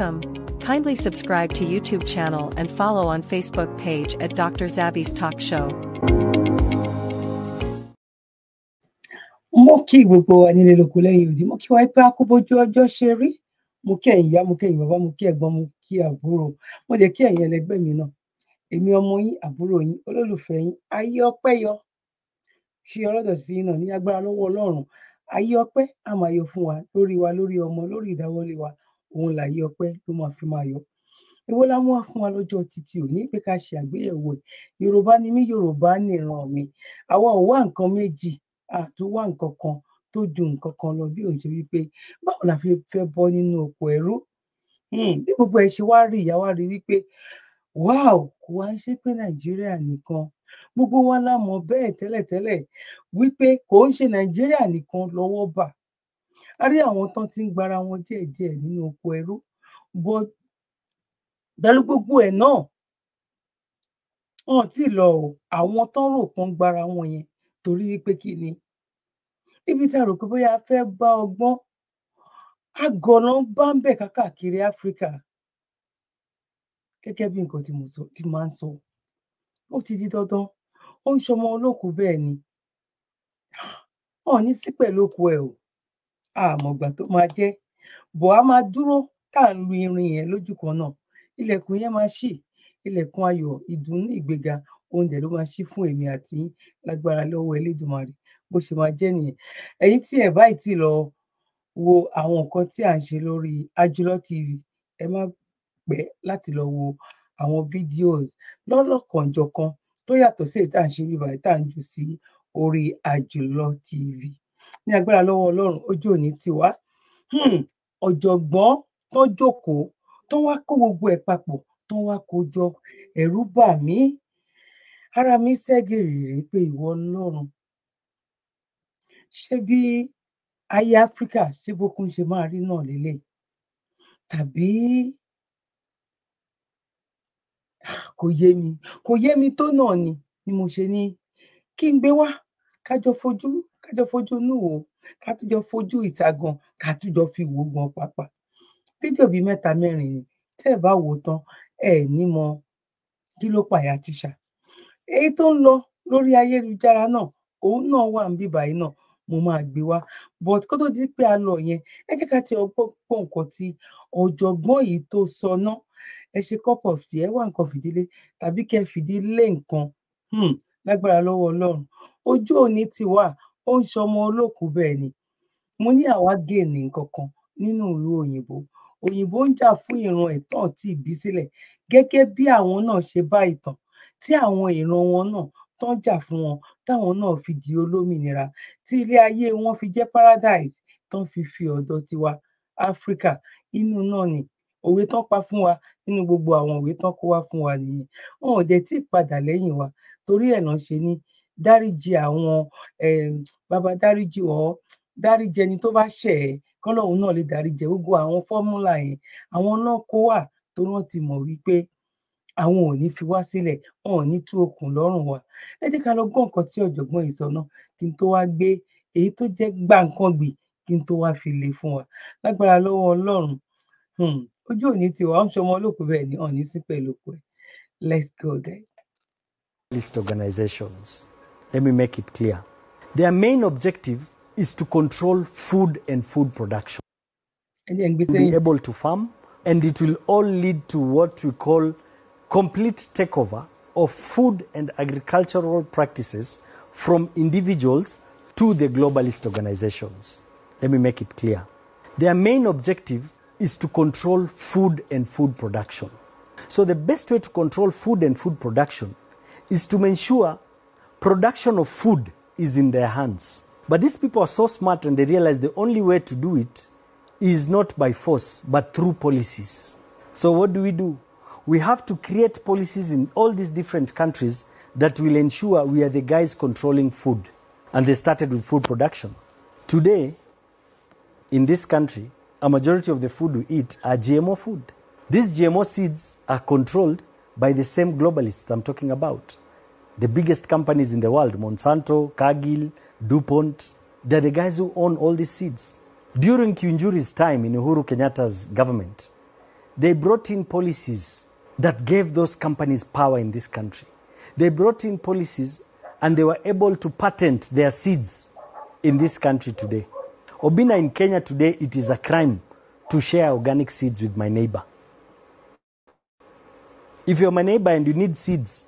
Welcome. Kindly subscribe to YouTube channel and follow on Facebook page at Dr. Zabby's Talk Show. mo kí gbogbo lóko lẹ́yìn òdì mo kí pé akóbójú ọjọ́ ṣe rí mo kí ẹ̀yin ìyá mo kí ẹ̀yin bàbá mo kí ẹ̀gbọ́n mo kí àbúrò mo kí ẹ̀yin ẹlẹgbẹ́ mi náà èmi ọmọ yín àbúrò yín olólùfẹ́ yín ayé ọpẹ́ yọ ṣe ọlọ́dọ̀ sí ní agbára lọ́wọ́ Ọlọ́run ayé ọpẹ́ àmọ́ ayọ̀ fún wa lórí wa lórí ọmọ lórí ìdáwọ́lé wa òun làyè ọpẹ́ ló máa fi máa yọ èwo la mú wá fún wa lọ́jọ́ títí òní pé ká ṣe àgbéyẹ̀wò ẹ̀ yorùbá ni mí yorùbá nìran mi àwa ò wá nǹkan méjì àtúwá nǹkan kan tó ju nǹkan kan lọ bí òun ṣe wípé báwo la fi fẹ́ bọ́ nínú oko ẹ̀rú hmm, bí gbogbo ẹ̀ ṣe wá rí ìyá wa rí wípé wáò kò wá ń ṣe pé nàìjíríà nìkan gbogbo wa la mọ̀ bẹ́ẹ̀ tẹ́lẹ̀tẹ́lẹ̀ wípé kò ń ṣe nàìjíríà nìkan lọ́wọ́ bà a rí àwọn tán ti ń gbara wọn díẹ̀díẹ̀ nínú oko ẹrú bó pẹ̀lú gbogbo ẹ̀ náà wọn ti lọ o àwọn tán rò pọn gbara wọn yẹn torí wípé kí ni níbi tá a rò pé bóyá a fẹ́ bá ọgbọ́n àgọ̀nà bá ń bẹ̀ káàkiri áfíríkà gẹ́gẹ́ bí nǹkan tí mo sọ tí máa ń sọ ó ti di dandan ó ń ṣọmọ olókùú bẹ́ẹ̀ ni ọ̀ ní sí pẹ̀lú òkú ẹ̀ o àmọ̀gbà tó máa jẹ́ bọ̀ á máa dúró tá à ń lu irin yẹn lójú kan náà ilẹ̀kùn yẹn máa ṣí ilẹ̀kùn ayọ̀ ìdùnnú ìgbéga òun dẹ̀ ló máa ṣí fún èmi àti lágbára lọ́wọ́ Elédùmarè bó ṣe máa jẹ́ nìyẹn ẹ̀yin tí ẹ̀ báyìí ti lọ wo àwọn nǹkan tí à ń ṣe lórí Àjùlọ TV ẹ má pẹ́ láti lọ wo àwọn videos lọ́lọ́kanjọ̀kan tó yàtọ̀ sí èyí tá à ń ṣe bíbá tá à ń jù sí orí Àjùlọ TV ní agbára lọ́wọ́ Ọlọ́run ojú òní tiwa hmm, ọ̀jọ̀gbọ́n tó jókòó tó wá kó gbogbo ẹ̀ papọ̀ tó wá kó jọ ẹ̀rù bà mí ara mi ṣẹ́gìrì rèé pé ìwọ Ọlọ́run ṣé bí ayé Áfíríkà ṣé bókun ṣe máa rí náà lélẹ̀ tàbí kò yé mi kò yé mi tó náà ni ni mo ṣe ní kí n gbé wá kájọ fojú kájọ fojú inú wò kátújọ fojú ìta gan kátújọ fi wò gan pàápàá fídíò bíi mẹ́ta mẹ́rin ni tẹ ẹ bá wò tán ẹ ní mọ kí ló pàyà tíṣà èyí tó ń lọ lórí ayélujára náà òun náà wà ń bíbà yìí náà mo máa gbé wá but kó tó di pé a lọ yẹn ẹ jẹ́ ká ti ọgbọ́n pọ̀ nǹkan tí ọ̀jọ̀gbọ́n yìí tó sọ náà ẹ ṣe cup of tea ẹ wá nǹkan fìdílé tàbí kẹ́ fìdílé nǹkan hmm, lágbára lọ́wọ́ Ọlọ́run ojú òní ti wà ó ń ṣọmọ olókùú bẹ́ẹ̀ ni mo ní àwa gèèní nǹkan kan nínú ìlú òyìnbó òyìnbó ń jà fún ìran ìtàn tí ìbí sílẹ̀ gẹ́gẹ́ bí àwọn náà ṣe bá ìtàn tí àwọn ìran wọn náà tán jà fún wọn táwọn náà fi di olómìnira tí ilé ayé wọn fi jẹ́ paradise tán fi fi ọ̀dọ̀ tiwa áfíríkà inú náà ni òwe tán pa fún wa nínú gbogbo àwọn òwe tán kó wá fún wa nìyẹn wọn ò dẹ̀ tí ì padà lẹ́yìn wa torí ẹ̀ náà ṣe ní dáríjì àwọn bàbá dáríjì ọ dáríjì ẹni tó bá ṣẹ̀ ẹ́ kọ́lọ́hún náà lè dáríjì gbogbo àwọn fọ́múlà yẹn àwọn náà kó wà tó wọ́n ti mọ̀ wípé àwọn ò ní fi wá sílẹ̀ wọn ò ní tú okùn lọ́rùn wa ẹ jẹ́ ká lọ gbọ́ nǹkan tí ọ̀jọ̀gbọ́n yìí sọ náà kí n tó wá gbé èyí tó jẹ́ gbàǹkangbì kí n tó wá fi lè fún wa lágbára lọ́wọ́ ọlọ́run hmm, ojú òní ti wà ń ṣọmọ olókùn bẹ́ẹ̀ ni òní sí pẹ̀lú pẹ̀ let's go there. list organizations. Let me make it clear. Their main objective is to control food and food production. And be able to farm, and it will all lead to what we call complete takeover of food and agricultural practices from individuals to the globalist organizations. Let me make it clear. Their main objective is to control food and food production. So the best way to control food and food production is to ensure Production of food is in their hands. But these people are so smart and they realize the only way to do it is not by force, but through policies. So, what do we do? We have to create policies in all these different countries that will ensure we are the guys controlling food. And they started with food production. Today, in this country, a majority of the food we eat are GMO food. These GMO seeds are controlled by the same globalists I'm talking about. The biggest companies in the world, Monsanto, Cargill, DuPont, they're the guys who own all these seeds. During Kinjuri's time in Uhuru Kenyatta's government, they brought in policies that gave those companies power in this country. They brought in policies and they were able to patent their seeds in this country today. Obina in Kenya today, it is a crime to share organic seeds with my neighbor. If you're my neighbor and you need seeds,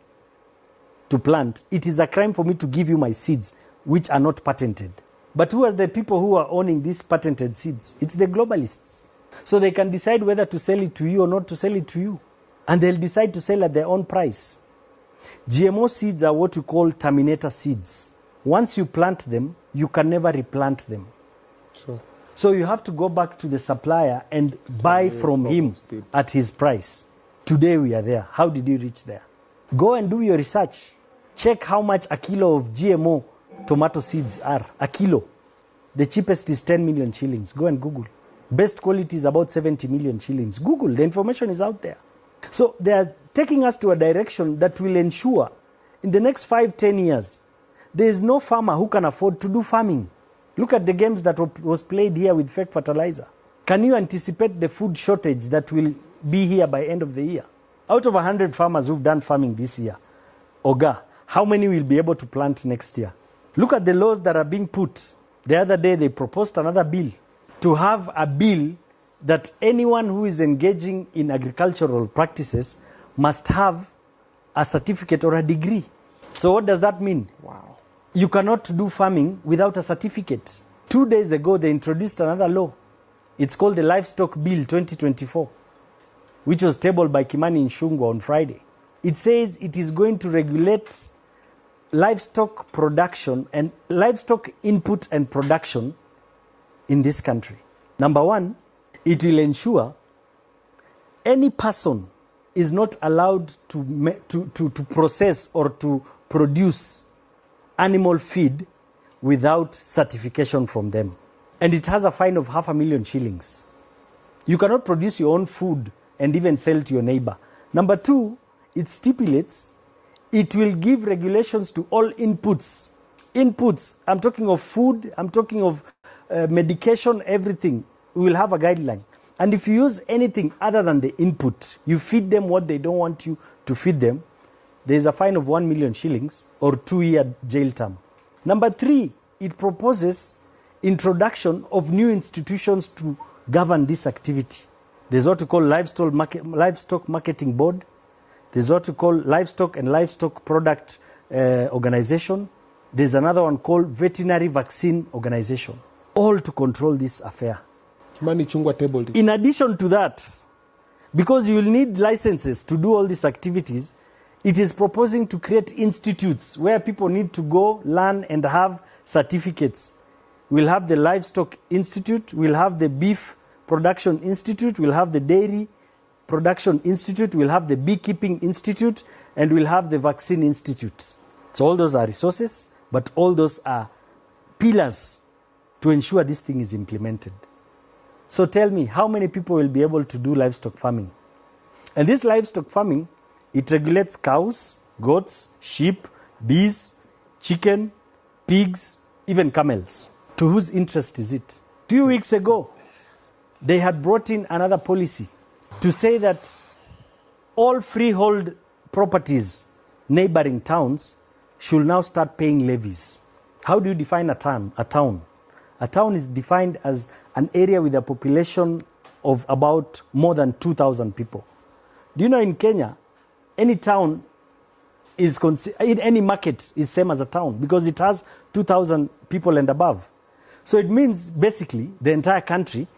to plant, it is a crime for me to give you my seeds, which are not patented. But who are the people who are owning these patented seeds? It's the globalists. So they can decide whether to sell it to you or not to sell it to you. And they'll decide to sell at their own price. GMO seeds are what you call terminator seeds. Once you plant them, you can never replant them. Sure. So you have to go back to the supplier and buy from him at his price. Today we are there. How did you reach there? Go and do your research. Check how much a kilo of GMO tomato seeds are. A kilo. The cheapest is 10 million shillings. Go and Google. Best quality is about 70 million shillings. Google. The information is out there. So they are taking us to a direction that will ensure in the next five, ten years, there is no farmer who can afford to do farming. Look at the games that was played here with fake fertilizer. Can you anticipate the food shortage that will be here by end of the year? Out of 100 farmers who've done farming this year, Oga, how many will be able to plant next year? Look at the laws that are being put. The other day they proposed another bill to have a bill that anyone who is engaging in agricultural practices must have a certificate or a degree. So what does that mean? Wow. You cannot do farming without a certificate. Two days ago, they introduced another law. It's called the Livestock Bill 2024, which was tabled by Kimani Nshungwa on Friday. It says it is going to regulate livestock production and livestock input and production in this country. Number one, it will ensure any person is not allowed to, to, to, to process or to produce animal feed without certification from them. And it has a fine of half a million shillings. You cannot produce your own food and even sell to your neighbor. Number two, it stipulates it will give regulations to all inputs. Inputs, I'm talking of food, I'm talking of uh, medication, everything. We will have a guideline. And if you use anything other than the input, you feed them what they don't want you to feed them, there is a fine of 1 million shillings or two year jail term. Number three, it proposes introduction of new institutions to govern this activity. There's what we call livestock, market, livestock marketing board, there's what we call livestock and livestock product uh, organization. There's another one called veterinary vaccine organization, all to control this affair. In addition to that, because you will need licenses to do all these activities, it is proposing to create institutes where people need to go, learn, and have certificates. We'll have the Livestock Institute, we'll have the Beef Production Institute, we'll have the Dairy Production Institute, we'll have the Beekeeping Institute, and we'll have the Vaccine Institute. So all those are resources, but all those are pillars to ensure this thing is implemented. So tell me, how many people will be able to do livestock farming? And this livestock farming, it regulates cows, goats, sheep, bees, chicken, pigs, even camels. To whose interest is it? Two weeks ago, they had brought in another policy to say that all freehold properties neighboring towns should now start paying levies. How do you define a town? A town, a town is defined as an area with a population of about more than 2,000 people. Do you know in Kenya, any town is in any market is same as a town because it has 2,000 people and above. So it means basically the entire country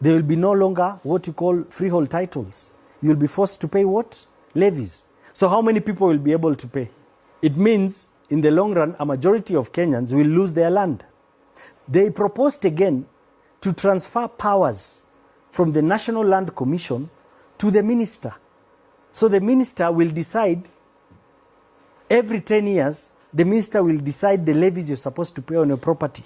there will be no longer what you call freehold titles. You'll be forced to pay what? Levies. So, how many people will be able to pay? It means, in the long run, a majority of Kenyans will lose their land. They proposed again to transfer powers from the National Land Commission to the minister. So the minister will decide every 10 years, the minister will decide the levies you're supposed to pay on your property.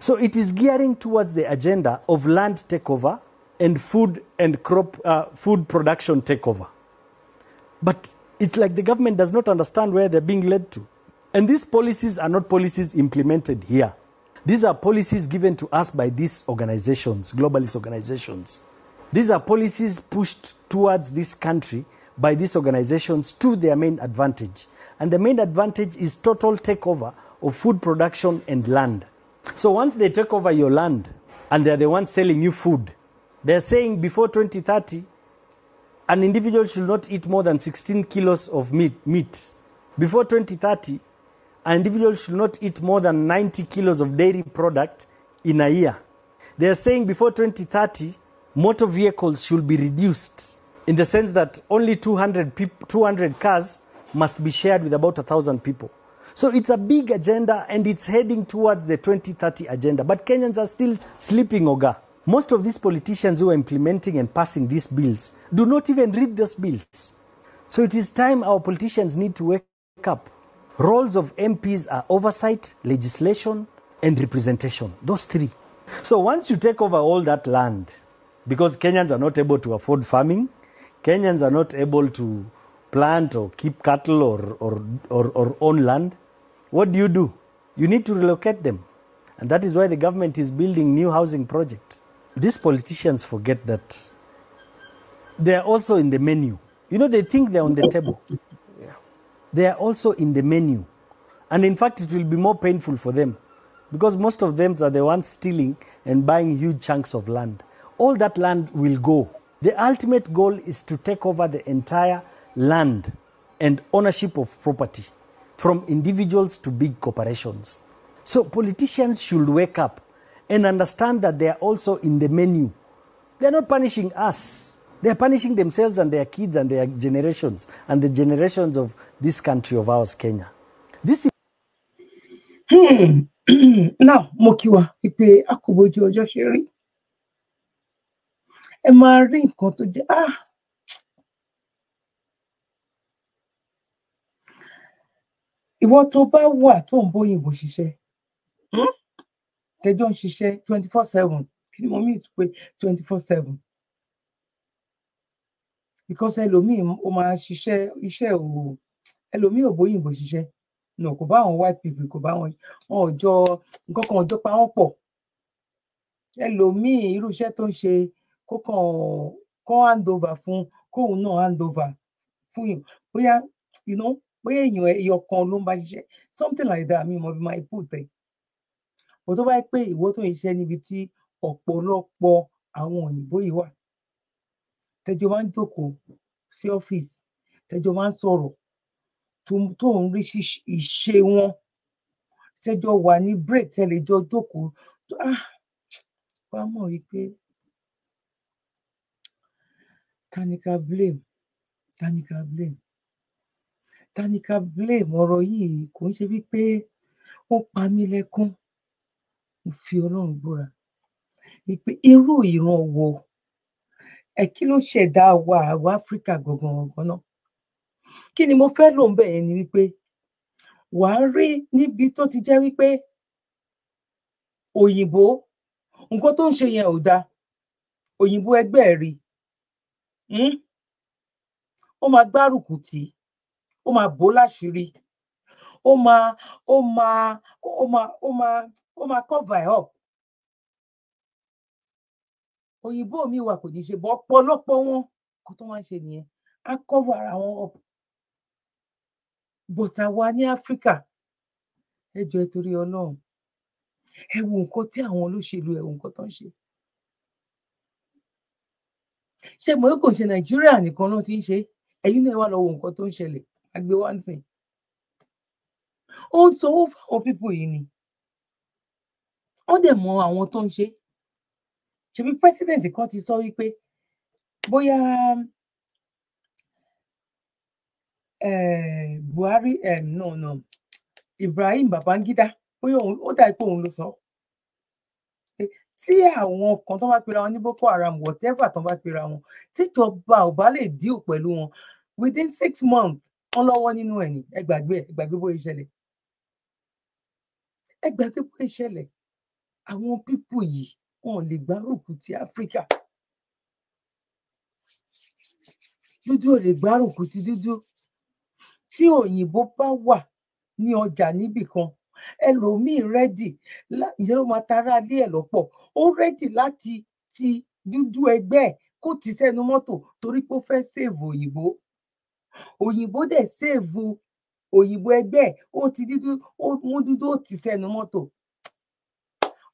So it is gearing towards the agenda of land takeover and food and crop uh, food production takeover. But it's like the government does not understand where they're being led to. And these policies are not policies implemented here. These are policies given to us by these organizations, globalist organizations. These are policies pushed towards this country by these organizations to their main advantage. And the main advantage is total takeover of food production and land. So once they take over your land and they are the ones selling you food, they are saying before 2030, an individual should not eat more than 16 kilos of meat. meat. Before 2030, an individual should not eat more than 90 kilos of dairy product in a year. They are saying before 2030, motor vehicles should be reduced in the sense that only 200, 200 cars must be shared with about 1,000 people. So it's a big agenda and it's heading towards the 2030 agenda. But Kenyans are still sleeping, Oga. Most of these politicians who are implementing and passing these bills do not even read those bills. So it is time our politicians need to wake up. Roles of MPs are oversight, legislation, and representation. Those three. So once you take over all that land, because Kenyans are not able to afford farming, Kenyans are not able to plant or keep cattle or, or, or, or own land, what do you do? You need to relocate them. And that is why the government is building new housing projects. These politicians forget that they are also in the menu. You know, they think they're on the table. Yeah. They are also in the menu. And in fact, it will be more painful for them because most of them are the ones stealing and buying huge chunks of land. All that land will go. The ultimate goal is to take over the entire land and ownership of property from individuals to big corporations. So politicians should wake up and understand that they are also in the menu. They're not punishing us. They're punishing themselves and their kids and their generations and the generations of this country of ours, Kenya. This is. Hmm. now, Mokiwa, Ipe Akubojo Joshiri. Ẹ máa rí tó ah, ìwọ tó bá wà tó ń bóyìnbó ṣiṣẹ́ hmm? tẹjọ ń ṣiṣẹ́ twenty four seven kí ni mo mí ìtú pé twenty four seven because ẹlòmíì ó máa ṣiṣẹ́ iṣẹ́ ò ẹlòmíì ò bóyìnbó ṣiṣẹ́ no kò bá àwọn white people kò bá àwọn ọjọ́ nǹkan kan ọjọ́ pa wọ́n pọ̀ ẹlòmíì irú iṣẹ́ tó ń ṣe kó kàn kó hand over fún kóun náà hand over fún yìí bóyá you know pé èèyàn ẹyọ kan ló ń bá ṣiṣẹ́ something like that mi mọ bí máa put ẹ bó tó bá pé ìwọ tó ń ṣiṣẹ́ níbi tí ọ̀pọ̀lọpọ̀ àwọn òyìnbó yìí wà tẹjọ máa ń jókòó sí ọ́fíìsì tẹjọ máa ń sọ̀rọ̀ tó ń rí ìṣe wọn tẹjọ wà ní break tẹlẹjọ jókòó ah, wá mọ̀ wípé ta ni ká blame ta blame Táníká blame ọ̀rọ̀ yìí kò ń ṣe wípé ó pa mí lẹ́kún mo fi Ọlọ́run búra wípé irú ìran wo ẹ kí ló ṣẹ̀dá wa àwa Áfíríkà gangan gangan náà kí ni mo fẹ́ lò ń ni wípé wàá rí níbi tó ti jẹ́ wípé òyìnbó nǹkan tó ń ṣe yẹn ò dáa òyìnbó ẹgbẹ́ rí hmm? ó máa gbárùkù tì ó máa bò láṣìírí ó máa ó máa ó máa ó máa ó máa cover ẹ̀ up òyìnbó mi wà kò ní ṣe bọ́ ọ̀pọ̀lọpọ̀ wọn kó tó máa ń ṣe nìyẹn á cover ara wọn up bọ̀tà wa ní áfíríkà ẹ jọ ẹ torí ọlọ́run ẹ wo nǹkan tí àwọn olóṣèlú ẹ wo nǹkan tó ń ṣe ṣé mo kò ṣe nàìjíríà nìkan ló ti ń ṣe ẹ̀yin náà wà lọ wo nǹkan tó ń ṣẹlẹ̀ agbéwáǹtì ó ń sanwó fáwọn pípò yìí ni ó dẹ̀ mọ àwọn tó ń ṣe ṣebí president kan ti sọ wípé bóyá eh, Buhari eh, no no Ibrahim Babangida bóyá òun ó dà pé òun ló sọ eh, tí àwọn kan tó bá pera wọn ní Boko Haram whatever tó bá pera wọn tíjọba ò bá lè díò pẹ̀lú wọn within six months wọ́n lọ́wọ́ nínú ẹ̀ ní ẹ gbàgbé ẹ gbàgbé bóyá ìṣẹ̀lẹ̀ ẹ gbàgbé bóyá ìṣẹ̀lẹ̀ àwọn pípù yìí wọn lè gbárùkù ti áfíríkà dúdú ò lè gbárùkù ti dúdú tí òyìnbó bá wà ní ọjà níbì kan ẹlòmíín rẹ́dì ìyẹn ló máa tara lé ẹ̀ lọ́pọ̀ ó rẹ́dì láti ti dúdú ẹgbẹ́ kó ti sẹ́nu mọ́tò torí pé ó fẹ́ ṣèèvò òyìnbó òyìnbó dẹ̀ sèèvù òyìnbó ẹgbẹ́ ó ti dúdú ó mú dúdú ó ti sẹ́nu mọ́tò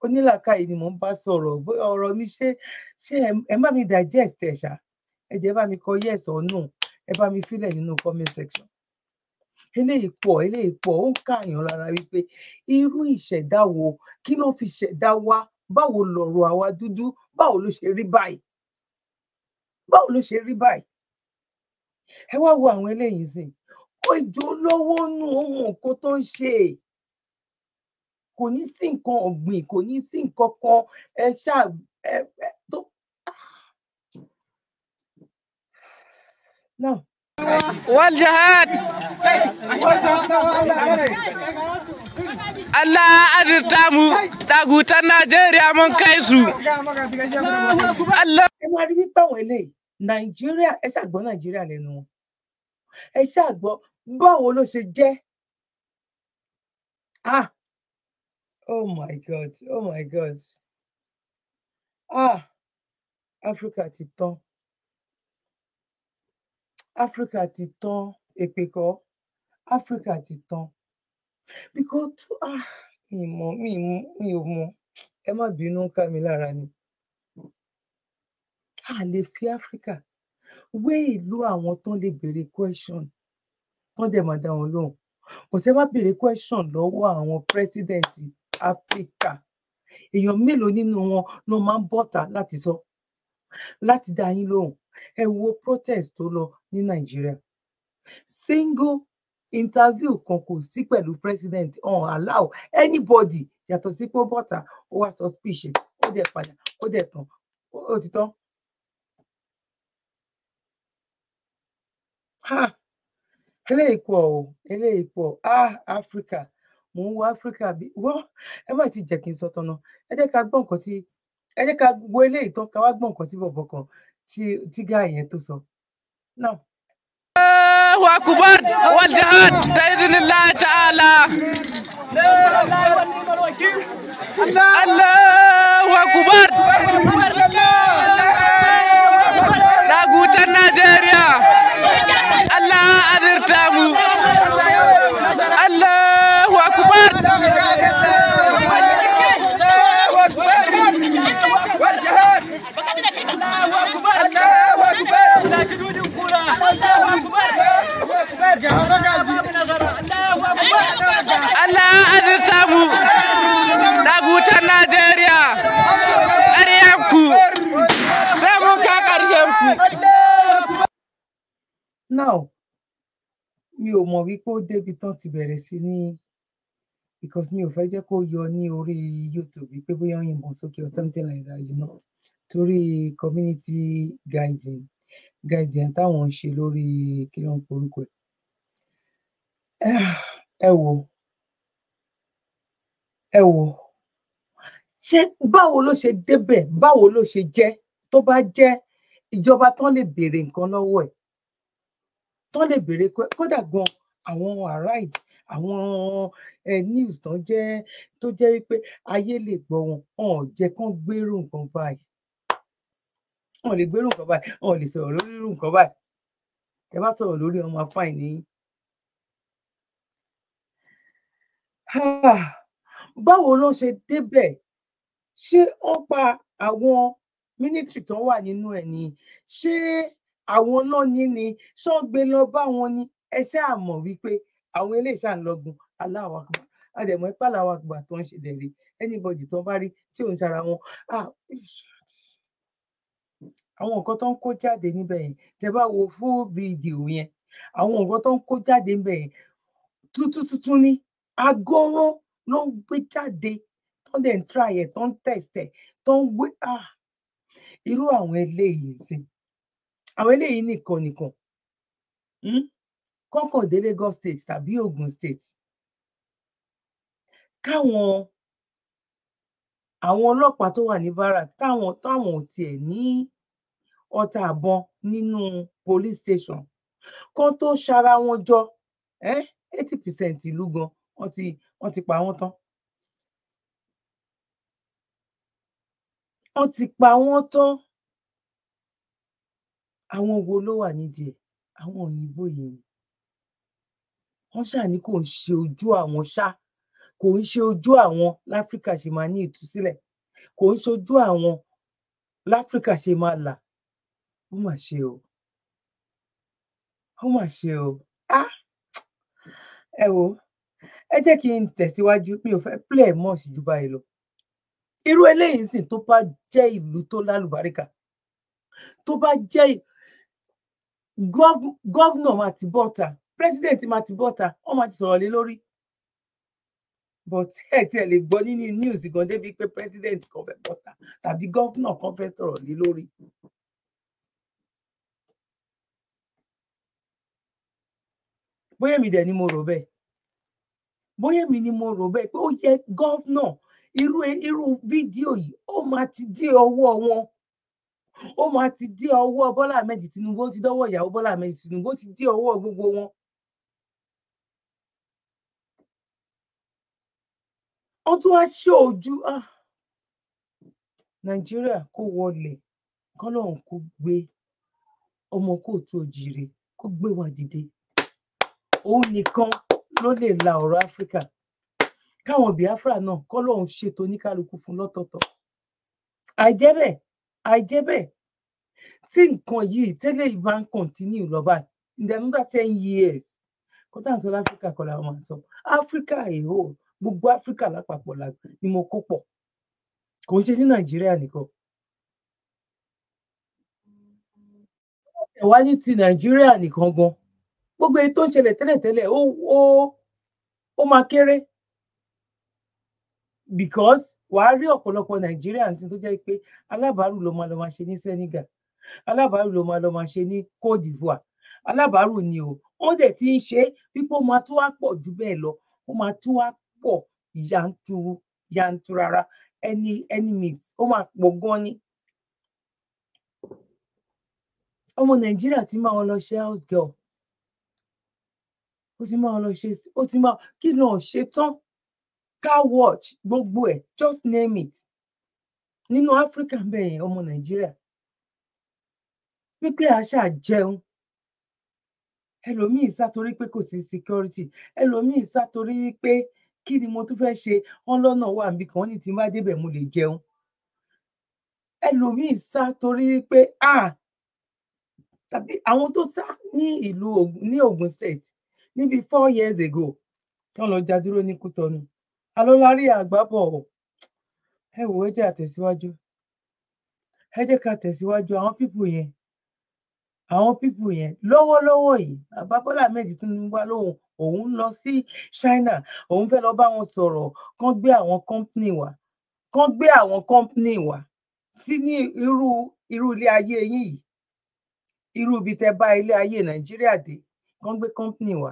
onílàkàyè ni mò ń bá sọ̀rọ̀ ọ̀rọ̀ mi ṣé ṣé ẹ bá mi digest ẹ̀ ṣá ẹ jẹ́ bá mi kọ yes or no ẹ bá mi fílẹ̀ nínú comment section eléyìí pọ̀ eléyìí pọ̀ ó ń káàyàn lára wípé irú ìṣẹ̀dá wo kí ló fi ṣẹ̀dá wa báwo lọ̀rọ̀ àwa dúdú báwo ló ṣe rí báyìí báwo ló ṣe rí báyìí ẹ wá wo àwọn eléyìí sí kó ìjọ olówó nù ohun òkó tó ń ṣe kò ní sí nǹkan ọ̀gbìn kò ní sí nǹkan kan ẹ ṣáà ẹ ẹ tó. náà. والجهاد Allah adurta mu dagutan Najeriya mun kai Allah. Ẹ máa rí wípé àwọn eléyìí nàìjíríà ẹ ṣàgbọ́ nàìjíríà lẹ́nu wọn ẹ ṣàgbọ́ báwo ló ṣe jẹ́ ah oh my god oh my god ah Africa ti tán áfíríkà ti tán èpè kọ áfíríkà ti tán because ah mi mọ mi ò mọ ẹ má bínú ká mi lára ni a lè fi áfíríkà wé ìlú àwọn tán lè béèrè question tán dẹ̀ máa dá wọn lóhùn kò tẹ́ bá béèrè question lọ́wọ́ àwọn president áfíríkà èèyàn mélòó nínú wọn ló máa ń bọ́ta láti sọ láti dá yín lóhùn ẹ wo protest tó lọ ní nàìjíríà single interview kan kò sí pẹ̀lú president on allow anybody yàtọ̀ sí pé ó bọ́ta ó wá sọ speech ó dẹ̀ padà ó dẹ̀ tán ó ti tán eléyìí pọ̀ o eléyìí pọ̀ ah áfíríkà mò ń wo Africa! bí wọ́n ẹ má ti jẹ́ kí n sọ tọ́nà ẹ jẹ́ ká gbọ́ nǹkan tí ẹ jẹ́ ká wo eléyìí tán ká wá gbọ́ nǹkan tí bọ̀bọ̀ kan tí gáà yẹn tó sọ náà. Allahu akbar wal jihad ta'idhnillah ta'ala. Allahu akbar. azurta mu Allahu akbar Allah mu dagutan Najeriya ƙaryanku sai ka ƙaryanku Now, mi ò mọ̀ wípé ó débi tán ti bẹ̀rẹ̀ sí ní because mi ò fẹ́ jẹ́ kó yọ ní orí YouTube pé bóyá yìnbọn sókè or something like that you know torí community guiding guiding táwọn ń ṣe lórí kí ló ń porúkọ ẹ ẹ wo. ẹ wò ṣé báwo ló ṣe débẹ̀ báwo ló ṣe jẹ́ tó bá jẹ́ ìjọba tán lè béèrè nǹkan lọ́wọ́ ẹ̀ tó lè béèrè kódà gan àwọn arise àwọn news tó jẹ́ tó jẹ́ wípé ayé lè gbọ́ wọn ọ̀n jẹ́ kán gbèrú nǹkan báyìí ọ̀n lè gbèrú nǹkan báyìí ọ̀n lè sọ̀rọ̀ lórí irú nǹkan báyìí tẹ bá sọ̀rọ̀ lórí ọmọ afáì ní. báwo ló ṣe débẹ̀ ṣé ó pa àwọn mínísítì tó wà nínú ẹ̀ ni ṣé àwọn náà ní ni sọ́gbé lọ bá wọn ni ẹ ṣáà mọ̀ wípé àwọn eléyìí ṣáà ń lọgun aláwàkùbà àdẹ̀mọ́ ipá làwàkùbà tó ń ṣe dẹ̀rẹ̀ anybody tó ń bá rí tí òun ṣara wọn àwọn nǹkan tó ń kó jáde níbẹ̀ yẹn tẹ́ bá wo fún fídíò yẹn àwọn nǹkan tó ń kó jáde níbẹ̀ yẹn tuntun tuntun ni agoro ló ń gbé jáde tó ń dẹ̀ ń try ẹ̀ tó ń test ẹ̀ tó ń gbé irú àwọn eléyìí sí i àwọn eléyìí nìkan nìkan hmm? kọ́kàn dé Lagos state tàbí Ogun state káwọn àwọn ọlọ́pàá tó wà ní bara táwọn táwọn ò tiẹ̀ ní ọta àbọn nínú police station kan tó ṣara wọn jọ eighty percent ìlú gan wọ́n ti wọ́n ti pa wọ́n tán. wọ́n ti pa wọ́n tán àwọn wo ló wà nídìí ẹ àwọn òyìnbó yìí ni wọn ṣáà ní kò ń ṣe ojú àwọn ṣá kò ń ṣe ojú àwọn láfíríkà ṣe máa ní ìtúsílẹ̀ kò ń ṣojú àwọn láfíríkà ṣe máa là ó mà ṣe o ó mà ṣe o á ẹ wo ẹ jẹ́ kí n tẹ̀síwájú mi ò fẹ́ play mọ́ sí ju báyìí lọ irú eléyìí sì tó bá jẹ́ ìlú tó lálùbáríkà tó bá jẹ́ gọ́vnọ̀ máa ti bọ́ta president máa ti bọ́ta wọ́n máa ti sọ̀rọ̀ lé lórí but ẹ tiẹ̀ lè gbọ́ nínú news gan débi pé president kan fẹ́ bọ́ta tàbí gọ́vnọ̀ kan fẹ́ sọ̀rọ̀ lé lórí. bóyá mi dẹ̀ ni mo rò bẹ́ẹ̀ bóyá mi ni mo rò bẹ́ẹ̀ pé ó yẹ gọ́vnọ̀ irú e, irú fídíò yìí ó máa ti dé ọwọ́ wọn ó máa ti dé ọwọ́ Bọ́lá Ahmed Tinubu ó ti dọ́wọ́ ìyàwó Bọ́lá Ahmed Tinubu ó ti dé ọwọ́ gbogbo wọn. ó tún wá ṣe ojú ah. Nàìjíríà kó wọlé kọ́lọ́hún kó gbé ọmọ kóòtù òjìire kó gbé wa dìde òun nìkan ló lè la ọ̀rọ̀ Áfíríkà káwọn Biafra náà kọ́lọ́hún ṣètò oníkálukú fún lọ́tọ̀ọ̀tọ̀ àìjẹ́ bẹ́ẹ̀ àìjẹ́ bẹ́ẹ̀ tí nǹkan yìí tẹ́lẹ̀ ìbá ń kọ̀ntínú lọ́ba in the another ten years kọ́tà ń sọ láfíríkà kọ́ làwọn máa sọ áfíríkà èhó gbogbo áfíríkà lápapọ̀ ni mo kó pọ̀ kò ń ṣe ní nàìjíríà nìkan. ẹ̀wá ní ti nàìjíríà nìkan gan gbogbo èyí tó ń ṣẹlẹ̀ tẹ́lẹ̀tẹ́lẹ̀ ó ó ó máa kéré because wàá rí ọ̀pọ̀lọpọ̀ nàìjíríà sí tó jẹ́ pé alábàárù ló máa lọ máa ṣe ní Senegal alábàárù ló máa lọ máa ṣe ní Côte d'Ivoire alábàárù ni o wọ́n dẹ̀ ti ń ṣe wípé ó máa tún wá pọ̀ jù bẹ́ẹ̀ lọ ó máa tún wá pọ̀ yanturu yanturara ẹni ẹni meat ó máa pọ̀ gan ni. ọmọ nàìjíríà ti máa lọ ṣe house girl ó ti máa lọ ṣe ó ti máa kí ló ṣe tán car watch gbogbo ẹ̀ just name it nínú áfíríkà bẹ́ẹ̀ yẹn ọmọ nàìjíríà wípé àṣà jẹun ẹlòmíì sá torí pé kò sí security ẹlòmíì sá torí pé kí ni mo tún fẹ́ ṣe wọn lọ́nà wà níbi kan ní tí n bá débẹ̀ mo lè jẹun ẹlòmíì sá torí pé a tàbí àwọn tó sá ní ìlú ní Ògùn state níbi four years ago wọn lọ já dúró ní Kútọ̀nù alólárí àgbábọ̀ ẹ wò ẹ jẹ́ àtẹ̀síwájú ẹ jẹ́ ká tẹ̀síwájú àwọn pípù yẹn àwọn pípù yẹn lọ́wọ́lọ́wọ́ yìí bàbá Bọ́lá Ahmed Tinubu wá lóhùn òun ń lọ sí China òun fẹ́ lọ bá wọn sọ̀rọ̀ kán gbé àwọn company wa kán gbé àwọn company wa sí ní irú irú ilé ayé yín yìí irú ibi tẹ́ bá ilé ayé Nàìjíríà dé kán gbé company wa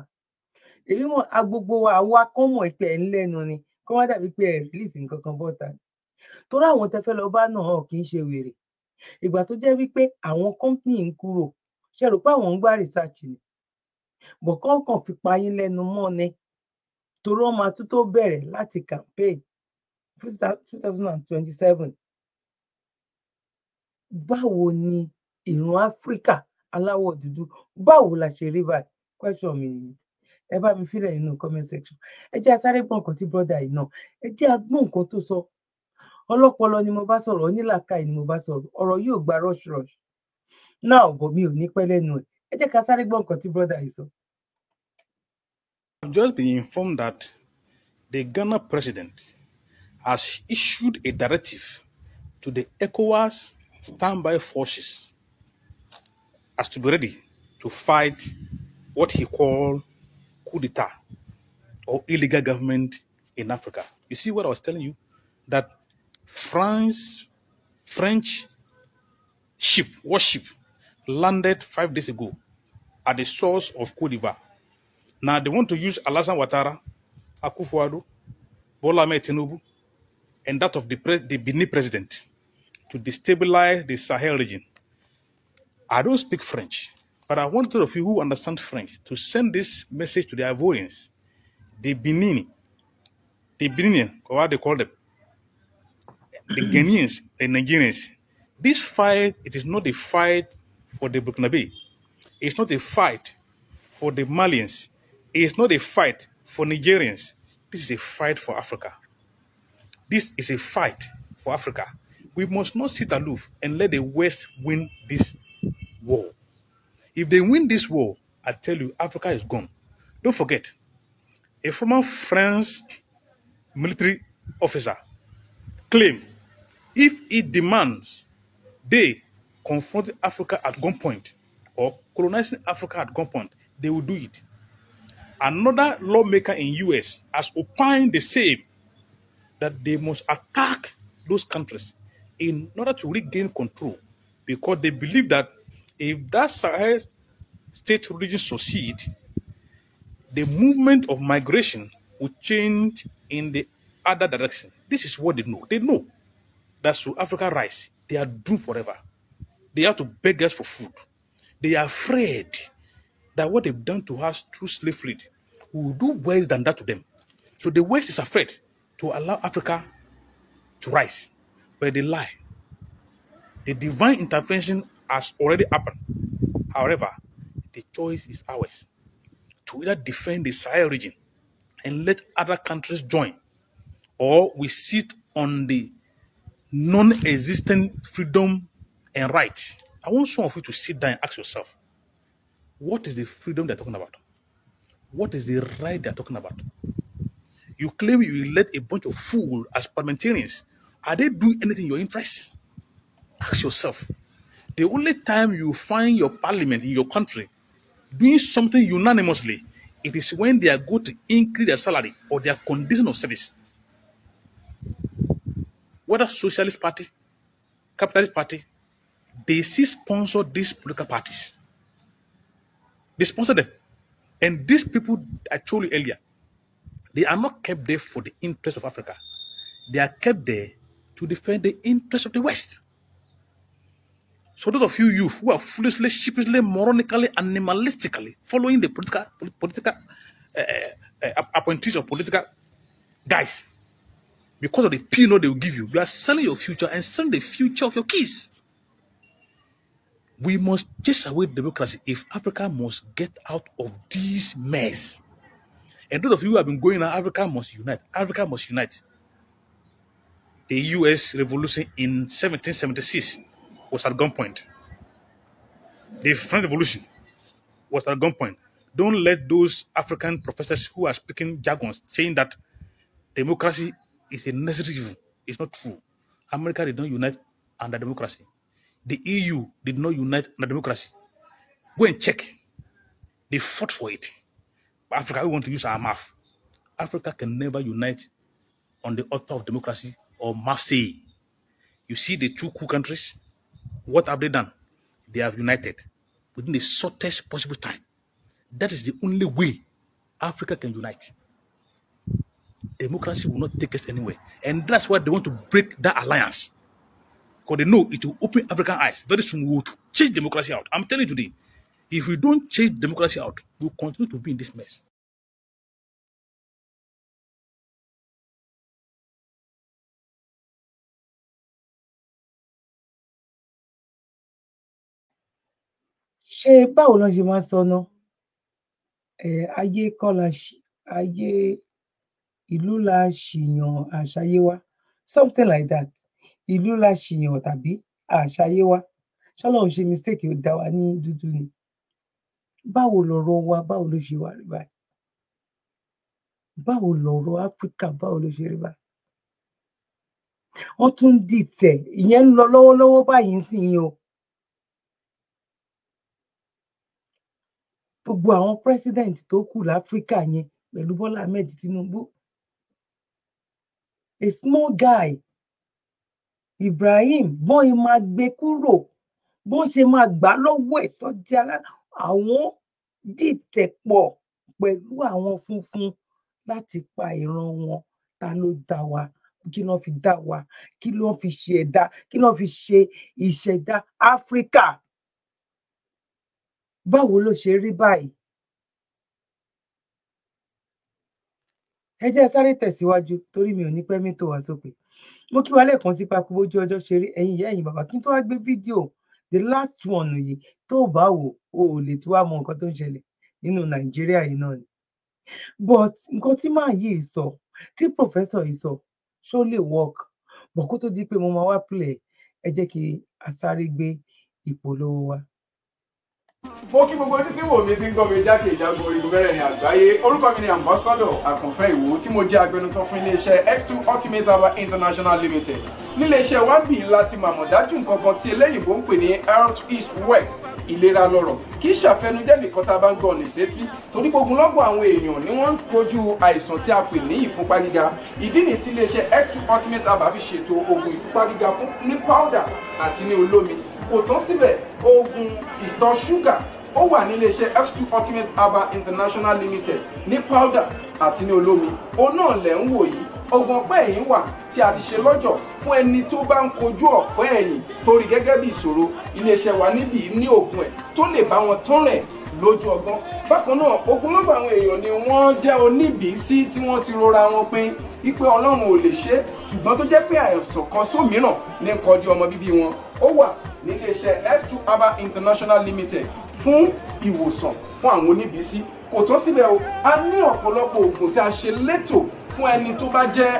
èyí mọ agbogbo wa àwa kán mọ̀ pé ni kó má dàbí pé ẹ rìlíìsì nǹkan kan bọ́ta torí àwọn tẹfẹ́ lọ bá náà kì í ṣe wèrè ìgbà tó jẹ́ wípé àwọn kọ́ńpìnì ń kúrò ṣe rò pé àwọn ń gbá research ni bọ̀kán kàn fi payín lẹ́nu mọ́ ni torí wọ́n máa bẹ̀rẹ̀ láti campaign two thousand and twenty-seven báwo ni ìran áfíríkà aláwọ̀ dúdú báwo la ṣe rí báyìí question mi nìyí ẹ bá mi fílẹ̀ nínú comment section ẹ jẹ́ asáré gbọ́n nǹkan tí brọ́dà yìí náà ẹ jẹ́ agbọ́n nǹkan tó sọ ọlọ́pọlọ ni mo bá sọ̀rọ̀ onílàkàì ni mo bá sọ̀rọ̀ ọ̀rọ̀ yóò gba rush rush náà ọ̀bọ̀ mi ò ní pẹ́ lẹ́nu ẹ̀ ẹ jẹ́ ká sáré gbọ́n nǹkan tí brọ́dà yìí sọ. I've just been informed that the Ghana president has issued a directive to the ECOWAS standby forces as to be ready to fight what he called coup d'etat or illegal government in Africa. You see what I was telling you? That France, French ship, warship, landed five days ago at the source of Cote d'Ivoire. Now they want to use Alassane Ouattara, Akufuado, Bola Tinubu, and that of the, the Benin president to destabilize the Sahel region. I don't speak French. But I want those of you who understand French to send this message to the Ivorians, the Benin, the Benin, or what they call them, the Ghanaians the Nigerians. This fight, it is not a fight for the Burkinabe. It's not a fight for the Malians. It's not a fight for Nigerians. This is a fight for Africa. This is a fight for Africa. We must not sit aloof and let the West win this war. If they win this war, I tell you, Africa is gone. Don't forget, a former French military officer claimed if it demands they confront Africa at gunpoint or colonizing Africa at gunpoint, they will do it. Another lawmaker in US has opined the same that they must attack those countries in order to regain control because they believe that if that Sahel eh, state region succeed, the movement of migration will change in the other direction. This is what they know. They know that should Africa rise, they are doomed forever. They have to beg us for food. They are afraid that what they've done to us through slavery will do worse than that to them. So the West is afraid to allow Africa to rise, but they lie. The divine intervention has already happened. However, the choice is ours to either defend the Sahel region and let other countries join, or we sit on the non existent freedom and rights. I want some of you to sit down and ask yourself what is the freedom they're talking about? What is the right they're talking about? You claim you elect a bunch of fools as parliamentarians. Are they doing anything in your interest? Ask yourself the only time you find your parliament in your country doing something unanimously, it is when they are going to increase their salary or their condition of service. Whether Socialist Party, Capitalist Party, they see sponsor these political parties. They sponsor them. And these people I told you earlier, they are not kept there for the interest of Africa. They are kept there to defend the interest of the West. For those of you youth who are foolishly, sheepishly, moronically, animalistically following the political political uh, uh, appointees of political guys, because of the peanut they will give you, you are selling your future and selling the future of your kids. We must chase away democracy if Africa must get out of this mess. And those of you who have been going now, Africa must unite. Africa must unite. The US revolution in 1776 was at gunpoint. The French Revolution was at gunpoint. Don't let those African professors who are speaking jargons saying that democracy is a necessary evil. It's not true. America did not unite under democracy. The EU did not unite under democracy. Go and check. They fought for it. But Africa, we want to use our math. Africa can never unite on the altar of democracy or say. You see the two coup countries, what have they done? They have united within the shortest possible time. That is the only way Africa can unite. Democracy will not take us anywhere. And that's why they want to break that alliance. Because they know it will open African eyes. Very soon we will change democracy out. I'm telling you today, if we don't change democracy out, we'll continue to be in this mess. ṣé báwo ló ṣe máa ń sọnà ayé kọ́ la ayé ìlú la ṣìyàn àṣàyé wa something like that ìlú la ṣìyàn tàbí àṣàyé wa ṣọlọ́run ṣe mistake ó dá wa ní dúdú ni báwo lọ̀rọ̀ wa báwo ló ṣe wà rí báyìí báwo lọ̀rọ̀ áfíríkà báwo ló ṣe rí báyìí wọ́n tún dìtẹ̀ ìyẹn ń lọ lọ́wọ́lọ́wọ́ báyìí ń yín o gbogbo àwọn president tó kù láfíríkà yẹn pẹ̀lú Bọ́lá Ahmed Tinubu a small guy Ibrahim bọ́n ẹ máa gbé kúrò bọ́n ṣe máa gbà lọ́wọ́ ẹ̀ sọ́jà àwọn dìtẹ̀ pọ̀ pẹ̀lú àwọn funfun láti pa ìran wọn ta ló dá wa kí ló fi dá wa kí ló fi ṣe ẹ̀dá kí ló fi ṣe ìṣẹ̀dá Áfíríkà báwo ló ṣe rí báyìí ẹ jẹ́ sáré tẹ̀síwájú torí mi ò ní pẹ́ tó wá sópin mo kí wa lẹ́ẹ̀kan sí papò ọjọ́ ṣe rí ẹ̀yin ìyá ẹ̀yin bàbá kí n tó wá gbé fídíò the last one yìí tó bá wò o ò lè tún wá mọ nǹkan tó ń ṣẹlẹ̀ nínú nàìjíríà yìí náà ni but nǹkan tí màá sọ tí professor yìí sọ mo máa wá ẹ jẹ́ kí a sáré mo kí gbogbo ojú tí wò mí ti ń gbọ́ mi jákèjádò orígun mẹ́rẹ̀ẹ̀rin àgbáyé orúkọ mi ni ambassador àkànfẹ́ ìwò tí mo jẹ́ agbẹnusọ fún iléeṣẹ́ x2 ultimate aba international limited níléeṣẹ́ wa bì ńlá ti màmọ̀ dájú nǹkan kan tí eléyìnbó ń pè ní health is wet ìlera lọ́rọ̀ kì í ṣàfẹnujẹ́ nìkan tá a bá ń gbọ́ ní sétí torí gbogun lọ́gbọ̀n àwọn èèyàn ni wọ́n ń kojú àìsàn tí a pè ní ìfúnpá gíga ìdí nìyí tí iléeṣẹ́ x2 ultimate aba fi ṣètò oògùn ìfúnpá gíga fún ní powder àti ní olómi kò tán síbẹ̀ oògùn ìtọ̀ ṣúgà ó wà ní iléeṣẹ́ x2 ultimate herbal international limited ní powder àti ní olómi òun náà lẹ̀ ń wò yìí ọgbọ̀n ọpẹ́ ẹ̀yìn wà tí a ti ṣe lọ́jọ̀ fún ẹni tó bá ń kojú ọpẹ́ ẹ̀yìn torí gẹ́gẹ́ bí ìṣòro iléeṣẹ́ wa níbí ní oògùn ẹ̀ tó lè bá wọn tán rẹ̀ lójú ọgbọ́n bákan náà ogunlọ́gbà àwọn èèyàn ni wọ́n jẹ́ oníbìísí tí wọ́n ti rora wọn pin wípé ọlọ́run ò lè ṣe ṣùgbọ́n tó jẹ́ pé àìsàn kan sómìíràn ní kọjú ọmọ bíbí wọn ó wà níléeṣẹ́ x2 herbal international limited fún ìwòsàn fún àwọn oníbísí kò tán síbẹ̀ o a ní ọ̀pọ̀lọpọ̀ oògùn tí a ṣe létò fún ẹni tó bá jẹ́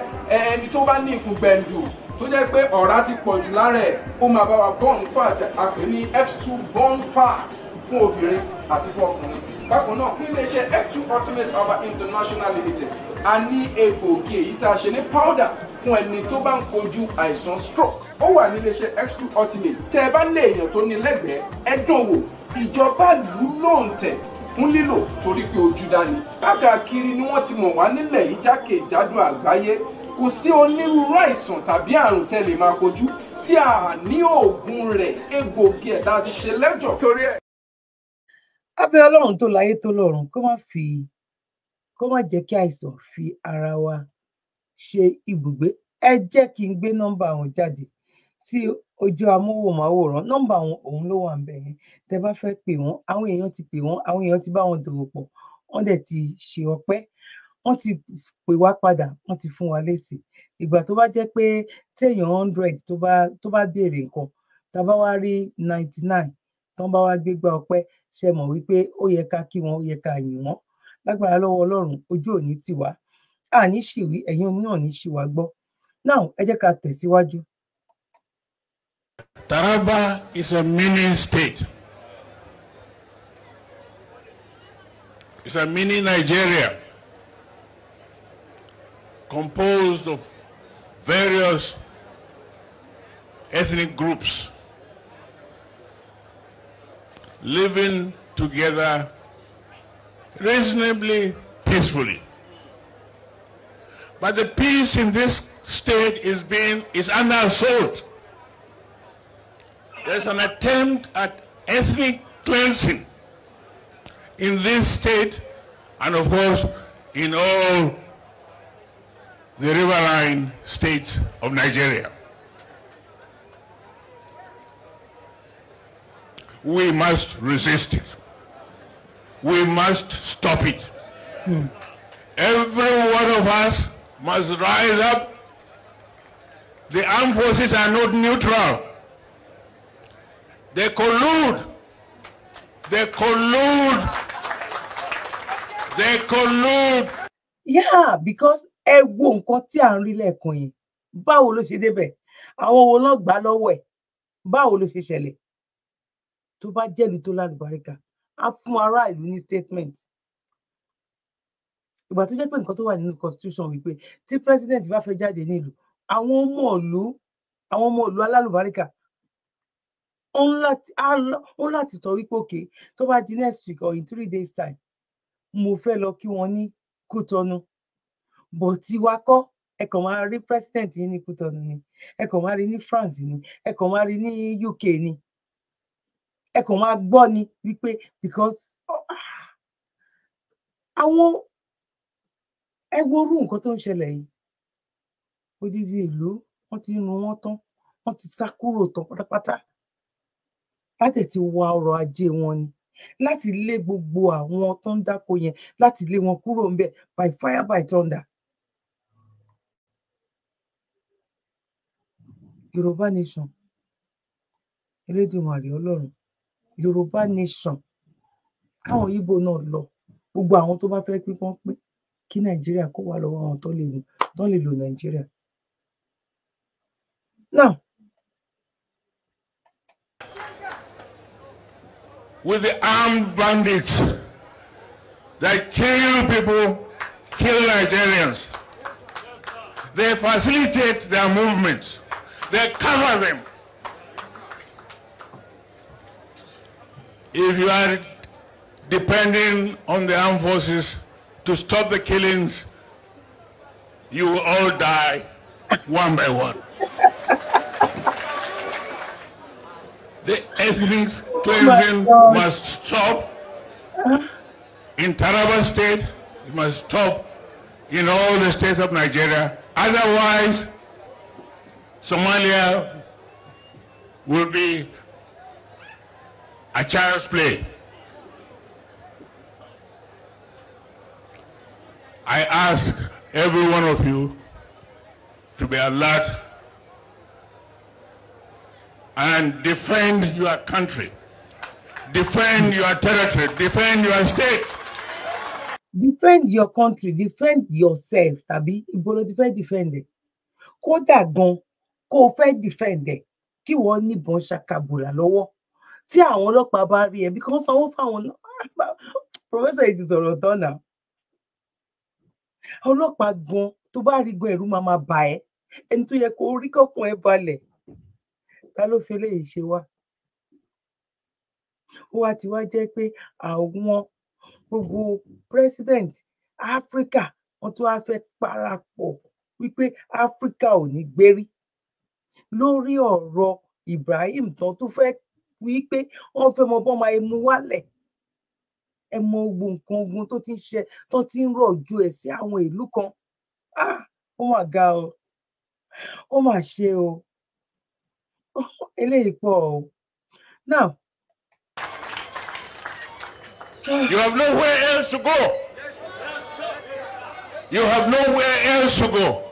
ẹni tó bá ní ikùn gbẹ̀ndù tó jẹ́ pé ọ̀rá ti pọ̀ jù lára ẹ̀ ó máa bá wa born fat àpè ní f2 born fat fún obìnrin àti fún ọkùnrin bákan náà nílé iṣẹ́ f2 ultimate herbal international limited a ní egbòogi èyí tá a ṣe ní powder fún ẹni tó bá ń kojú àìsàn stroke ó wà ní iléeṣẹ́ x ultimate tẹ́ ẹ bá lé èèyàn tó ní lẹ́gbẹ̀ẹ́ ẹ dòwò ìjọba lù ú lóǹtẹ̀ fún lílò torí pé ojú dání. káàkiri ni wọ́n ti mọ̀ wá nílẹ̀ yìí jákèjádò àgbáyé kò sí onírúurú àìsàn tàbí àrùn tẹ́ lè máa kojú tí a ní oògùn rẹ̀ egbòogi ẹ̀dá ti ṣe lẹ́jọ̀ torí ẹ̀. abẹ́ ọlọ́run tó láyé tó lọ́run kó má fi kó má jẹ́ kí àìsàn fi ara wa ṣe ibùgbé ẹ jẹ́ kí n gbé nọ́mbà wọn jáde sí ojú amóhùnmáwòrán nọ́mbà wọn òun ló wà ń bẹ yẹn tẹ́ bá fẹ́ pè wọ́n àwọn èèyàn ti pè wọ́n àwọn èèyàn ti bá wọn dòwò pọ̀ wọ́n dẹ̀ ti ṣe ọpẹ́ wọ́n ti pè wá padà wọ́n ti fún wa létí ìgbà tó bá jẹ́ pé téèyàn hundred tó bá tó bá béèrè nǹkan tá a bá wá rí ninety nine tán bá wá gbégbá ọpẹ́ ṣe mọ̀ wípé ó yẹ ká kí wọn ó yẹ ká yìn wọ́n lágbára lọ́wọ́ Ọlọ́run ojú òní tì wá àní ṣìwí ẹ̀yin náà ní ṣì wá gbọ́ ẹ jẹ́ ká tẹ̀síwájú Taraba is a mini state. It's a mini Nigeria composed of various ethnic groups living together reasonably peacefully. But the peace in this state is being is under assault. There's an attempt at ethnic cleansing in this state and of course in all the riverine states of Nigeria. We must resist it. We must stop it. Mm. Every one of us must rise up. The armed forces are not neutral. They collude. They collude. They collude. Yeah, because ẹ wo nǹkan tí à ń rí lẹ́ẹ̀kan yẹn. Báwo ló ṣe débẹ̀? Àwọn wo náà gbà lọ́wọ́ ẹ̀? Báwo ló ṣe ṣẹlẹ̀? Tó bá jẹ́lu tó lálùbáríkà, á fún aráàlú ní statement. Ìgbà tó jẹ́ pé nǹkan tó wà nínú constitution wípé tí president bá fẹ́ jáde nílùú, àwọn ọmọ ìlú àwọn ọmọ ìlú alálùbáríkà ó ń láti sọ wípé òkè tó bá di next week or in three days time mo fẹ́ lọ kí wọ́n ní Kútọ́nù bọ̀ tiwa kọ́ ẹ kàn máa rí president yìí ní Kútọ́nù ni ẹ kàn máa rí ní France ni ẹ kàn máa rí ní UK ni ẹ kàn máa gbọ́ ni wípé because ah, àwọn ẹ worú nǹkan tó ń ṣẹlẹ̀ yìí odidi ìlú wọ́n ti run wọ́n tán wọ́n ti sá kúrò tán pátápátá á dẹ̀ ti wa ọrọ̀ ajé wọn ni láti lé gbogbo àwọn tó ń dáko yẹn láti lé wọn kúrò ńbẹ̀ by fire by thunder. yorùbá nation elédùnmarè ọlọ́run yorùbá nation káwọn ibo náà lọ gbogbo àwọn tó bá fẹ́ pín kán pín kí nàìjíríà kó wà lọ́wọ́ àwọn tó lè lò nàìjíríà. now with the armed bandits that kill people, kill Nigerians. They facilitate their movements. They cover them. If you are depending on the armed forces to stop the killings, you will all die one by one. the ethnic cleansing oh must stop. In Taraba State, it must stop in all the states of Nigeria. Otherwise, Somalia will be a child's play. I ask every one of you to be alert and defend your country. defend your territory, defend your state. defend your country defend yourself tàbí ibo ti fẹ́ defend ẹ̀ kódà gan kó o fẹ́ defend ẹ̀ kí wọ́n níbọn ṣàkàbùlà lọ́wọ́ tí àwọn ọlọ́pàá bá rí ẹ bí kò sanwó fáwọn professor yìí ti sọ̀rọ̀ tán náà ọlọ́pàá gan tó bá rí gan ẹ̀rú máa máa bà ẹ́ ẹni tó yẹ kó rí kọ́kàn ẹ balẹ̀ ta ló fi eléyìí ṣe wá ó wá ti wá jẹ́ pé àwọn gbogbo president Africa? wọ́n tún wá fẹ́ parapọ̀ wípé Africa, ò ní gbérí lórí ọ̀rọ̀ Ibrahim tán tún fẹ́ wípé wọ́n fẹ́ mọ bọ́n máa mú wálẹ̀ ẹ mọ ogun nǹkan ogun tó ti ń ṣe tó ti ń rọ̀ ju ẹ̀ sí àwọn ìlú kan ah! ó mà ga o ó mà ṣe o eléyìí pọ̀ o now You have nowhere else to go. You have nowhere else to go.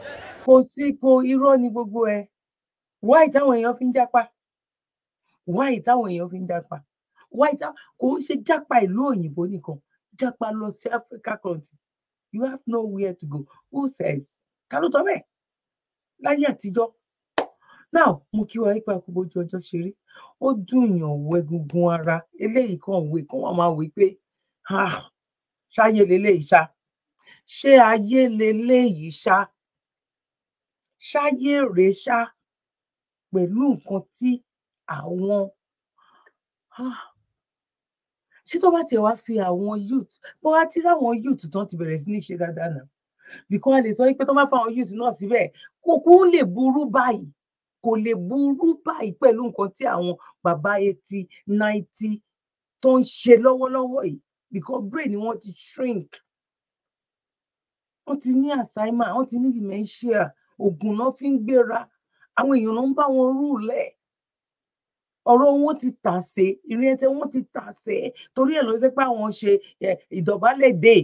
Kò sí kò irọ́ ni gbogbo ẹ̀. Wáì táwọn èèyàn fi ń jápa. Wáì táwọn èèyàn fi ń jápa. Wáì táwọn kò ń ṣe jápa ìlú òyìnbó nìkan. Jápa lọ sí Africa country. You have nowhere to go. Who says? Ta ló tọ́ bẹ́ẹ̀? Láyé àtijọ́. Now mo kí wa yípa kó bójú ọjọ́ ṣeré. Ó dùn yàn wẹgungun ara. Eléyìí kan wé kán wà máa wí pé ṣáyé leléyìí ṣá ṣé ayé leléyìí ṣá ṣáyé rèé ṣá pẹ̀lú nǹkan tí àwọn ṣé tó bá tiẹ̀ wá fi àwọn youth bó wá ti ráwọn youth tán ti bẹ̀rẹ̀ sí ní ṣe dáadáa náà because a lè sọ pé tó bá fáwọn youth náà síbẹ̀ kókó lè burú báyìí kò lè burú báyìí pẹ̀lú nǹkan tí àwọn bàbá etí náìtì tó ń ṣe lọ́wọ́lọ́wọ́ yìí because brain ni wọ́n ti shrink wọ́n ti ní Alzheimer wọ́n ti ní dementia oògùn náà fi ń gbéra àwọn èèyàn ló ń bá wọn rúlẹ ọ̀rọ̀ wọn ti tà sé ìrìn ẹsẹ̀ wọn ti tà sé torí ẹ̀ ló ṣe pé àwọn ṣe ìdọ̀bálẹ̀ dé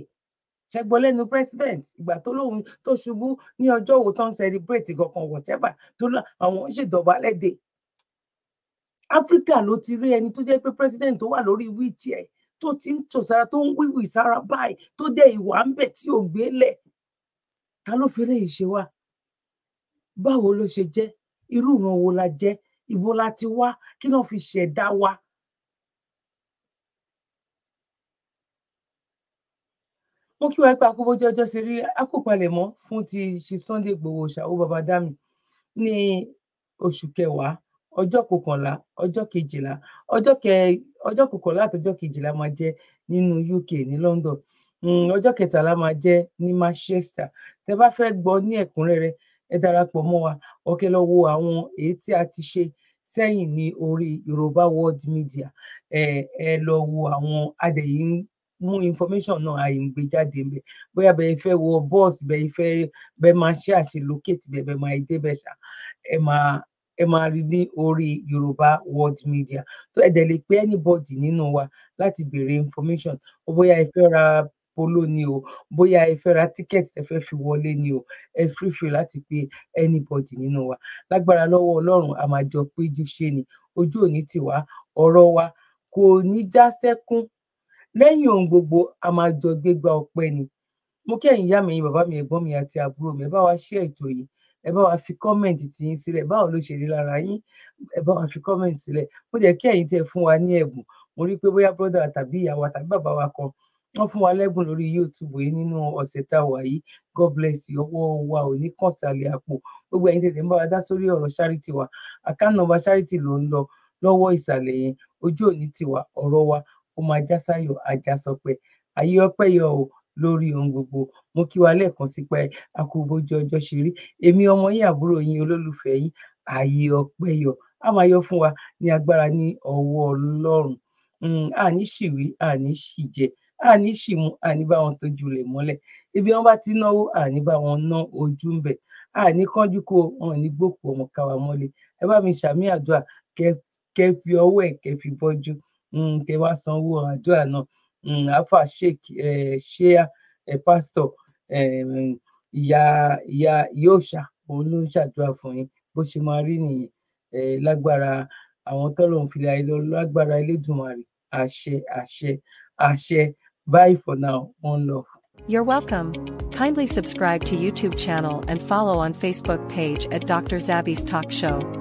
ṣẹgbọn president ìgbà tó lóun tó ṣubú ní ọjọ́ wo tó ń celebrate kankan whatever tó lọ àwọn ṣe ìdọ̀bálẹ̀ dé áfíríkà ló ti rí ẹni tó jẹ́ pé president tó wà lórí wíìchì tó ti ń tò sára tó ń wíwì sára báyìí tó dé ìwà ń bẹ tí ò gbé lẹ̀ ta ló fi léyìí ṣe wá báwo ló ṣe jẹ́ irú ìran wo la jẹ́ ibo la ti wá kí náà fi ṣẹ̀dá wa. mo kí wàá pé akóbójú ọjọ́ sí rí akópalẹ̀mọ́ fún ti chief Sunday Igboho ṣàwó baba dami ní oṣù kẹwàá ọjọ́ kọkànlá ọjọ́ kejìlá ọjọ́ ọjọ́ kọkànlá àtọjọ́ kejìlá máa jẹ́ nínú UK ní London hmm, ọjọ́ kẹtàlá máa jẹ́ ní Manchester tẹ́ bá fẹ́ gbọ́ ní ẹ̀kúnrẹ́rẹ́ ẹ darapọ̀ mọ́ wa ọkẹ lọ wo àwọn èyí tí a ti ṣe sẹ́yìn ní orí Yorùbá World Media ẹ ẹ lọ wo àwọn adẹyìn mú information náà àìgbé jáde mbẹ bóyá bẹ́ẹ̀ fẹ́ wọ bọ́ọ̀sì bẹ́ẹ̀ fẹ́ bẹ́ẹ̀ máa ṣe locate, bẹ́ẹ̀ bẹ́ẹ̀ máa dé bẹ́ẹ̀ ṣá ẹ máa ẹ máa rí ní orí yorùbá world media tó ẹ dẹ̀ lè pé anybody nínú wa láti béèrè information ó bóyá ẹ fẹ́ ra polo ni o bóyá ẹ fẹ́ ra tíkẹ́ẹ̀tì ẹ fẹ́ fi wọlé ni o ẹ free free láti pé anybody nínú wa lágbára lọ́wọ́ ọlọ́run a máa jọ péjú ṣe ni ojú òní tiwa ọ̀rọ̀ wa kò ní já sẹ́kún lẹ́yìn ohun gbogbo a máa jọ gbégbá ọpẹ́ ni mo kẹ́yìn ìyá mi yín bàbá mi ẹ̀gbọ́n mi àti àbúrò mi ẹ bá wa ṣe ètò yìí ẹ bá wa fi kọ́mẹ̀ntì tí yín sílẹ̀ báwo ló ṣe rí lára yín ẹ bá wa fi kọ́mẹ̀ntì sílẹ̀ mo jẹ́ kí ẹ̀yin tẹ́ fún wa ní ẹ̀bùn mo rí i pé bóyá brọ́dà tàbí ìyàwó tàbí bàbá wa kan wọ́n fún wa lẹ́bùn lórí youtube yìí nínú ọ̀sẹ̀ tá a wà yìí god bless you ọwọ́ wa ò ní kàn sàlẹ̀ àpò gbogbo ẹ̀yin tètè ń bá wa dá sórí ọ̀rọ̀ charity wa account number charity ló ń lọ lọ́wọ́ ìsàlẹ̀ yẹn ojú òní tiwa ọ̀rọ̀ wa ó máa já sáyọ̀ ajá ọpẹ́ yọ o lórí ohun gbogbo mo kí wa lẹ́ẹ̀kan sí pé a kú bójú ọjọ́ ṣe rí èmi ọmọ yín àbúrò yín olólùfẹ́ yín ààyè ọpẹ́ yọ a máa yọ fún wa ní agbára ní ọwọ́ Ọlọ́run àní hmm, ṣìwí àní ṣìjẹ àní ṣìmú àní bá wọn tójú lẹ̀ mọ́lẹ̀ ibi wọn bá ti náwó àní bá wọn ná ojú ń bẹ àní kánjú kó wọn ní gbòkú ọmọ káwa mọ́lẹ̀ ẹ bá mi ṣàmì àdúrà kẹ kẹ fi ọwọ́ ẹ kẹ fi bọ́jú hmm, kẹ wá sanwó àdúrà náà Mm, sheik eh, shea eh, eh, lágbára lágbára bye for now love. You're welcome. Kindly subscribe to YouTube channel and follow on Facebook page at Dr. Zabby's Talk Show.